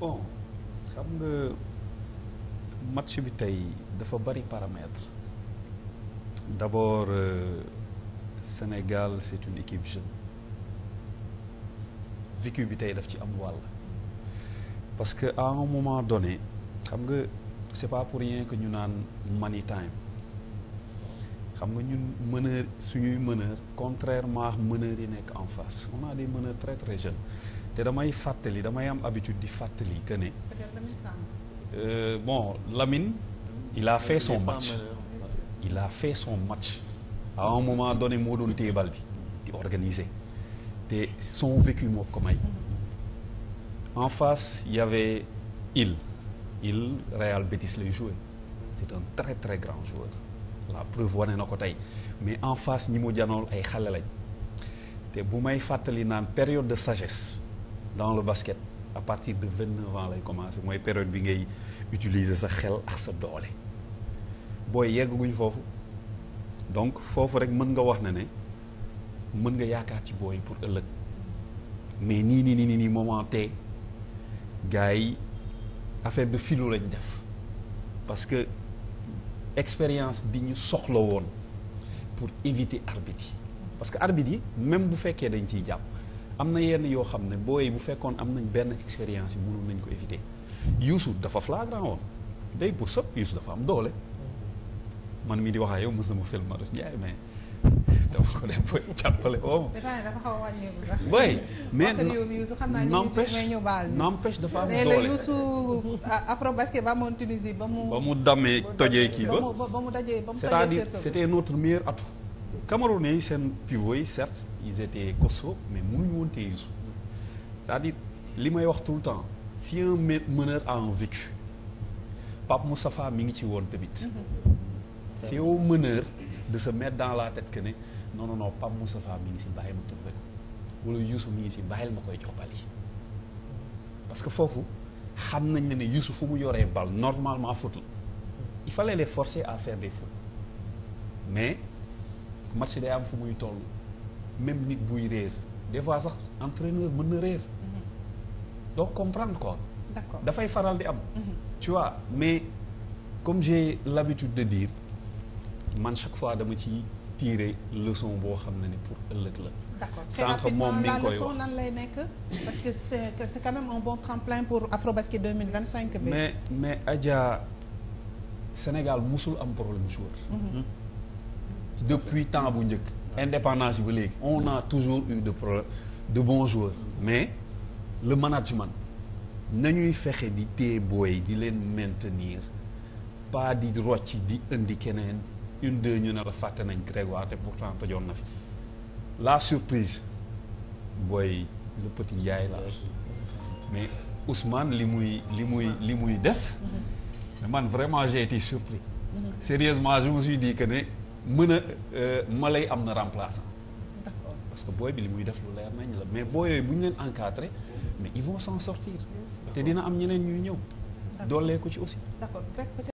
bon xam nga match bi tey dafa bari paramètres d'abord euh, Sénégal c'est une équipe jeune vécu bi tey daf ci am wàll parce que en un moment donné xam nga c'est pas pour rien que ñu naan money time xam nga ñun meneur suñuy meneur contrairement meneurs yi nekk en face on a des meneurs très très jeunes te damay fàttali damay am habitude di fàttali que ne. Euh, bon Lamine. il a fait son match. il a fait son match. à un moment donné moo doon téye bi di organiser te son vécu moo ko may. en face y avait il il Real Betis lay joué c'est un très très grand joueur la preuve wane na ko tey mais en face ñi mu janool ay xale lañ te bu may fàttali naan période de sagesse dans le basket à partir de vingt neuf ans lay commencé mooy période bi ngay utiliser sa xel ak sa doole booy yegguñ foofu donc foofu rek mën nga wax na ne mën nga yaakaar ci booy pour ëllëg mais nii nii nii nii moment tey gars yi affaire de philo lañ def parce que expérience bi ñu soxla woon pour éviter arbitre yi parce que arbitre yi même bu fekkee dañ ciy jàpp. am na yenn yoo xam ne booy bu fekkoon am nañ benn expérience yi mënoon nañ ko éviter Youssou dafa flagrant woon day pour sëb Youssou dafa am doole man mii di wax yow yow mës na ma film Maros Ndiaye mais dama ko def booy jàppale woo ma. a wàññeeku sax. oui mais n'empêche n'empêche dafa am doole mais le Youssou Afrobasket ba amoon Tunisie ba mu. mu damee tojee kii ba ba mu dajee ba mu tojee c'est-à-dire c'était notre meilleur atout. Camerounais yi seen pivot yi certes. ils étaient costauds mais mënuñu woon téye Youssou c'est-à-dire li may wax tout le temps si un meneur a un vécu Pape mi ngi ci woon tamit mm-hmm. c'est au meneur de se mettre dans la tête que ne non non non Pape mi ngi si bàyyi ma trouvé ko wala Youssou mi ngi si bàyyil ma koy jox bal parce que foofu xam nañ ne ne Youssou fu mu yoree bal normalement foot la il fallait les forcer à faire des fautes mais match day am fu muy toll même nit buy réer des fois sax entraîneur mën na réer mhm. doo comprendre quoi d'accord dafay faral di am mhm. tu mais comme j'ai l'habitude de dire man chaque fois dama ci tirer leçon boo xam ne ni pour ëllëg la d'accord sànq moom mi ngi koy wax la lay nekk parce que c'est que c'est quand même un bon tremplin pour Afrobasket 2025 bi mais mais Adja Sénégal musul am problème joueur mhm. depuis temps bu njëkk indépendance yi ba léegi on a toujours eu de problème de bons joueurs mais le management nañuy fexe di téye booy di leen maintenir pas di rocc di indi keneen une deux ñu ne la fàtte nañ Grégoire te pourtant tojoon na fi la surprise booy le petit Ndiaye la mais Ousmane li muy li muy li muy def man vraiment j'ai été surpris mm-hmm. sérieusement je me suis dit que ne mën a euh, Malay am na remplaçant. d'accord parce que booy bi li muy def lu leer nañ la mais booy bu ñu leen encadré mais ils vont s'en sortir. te dina am ñeneen ñuy ñëw. doolee ko ci aussi. d'accord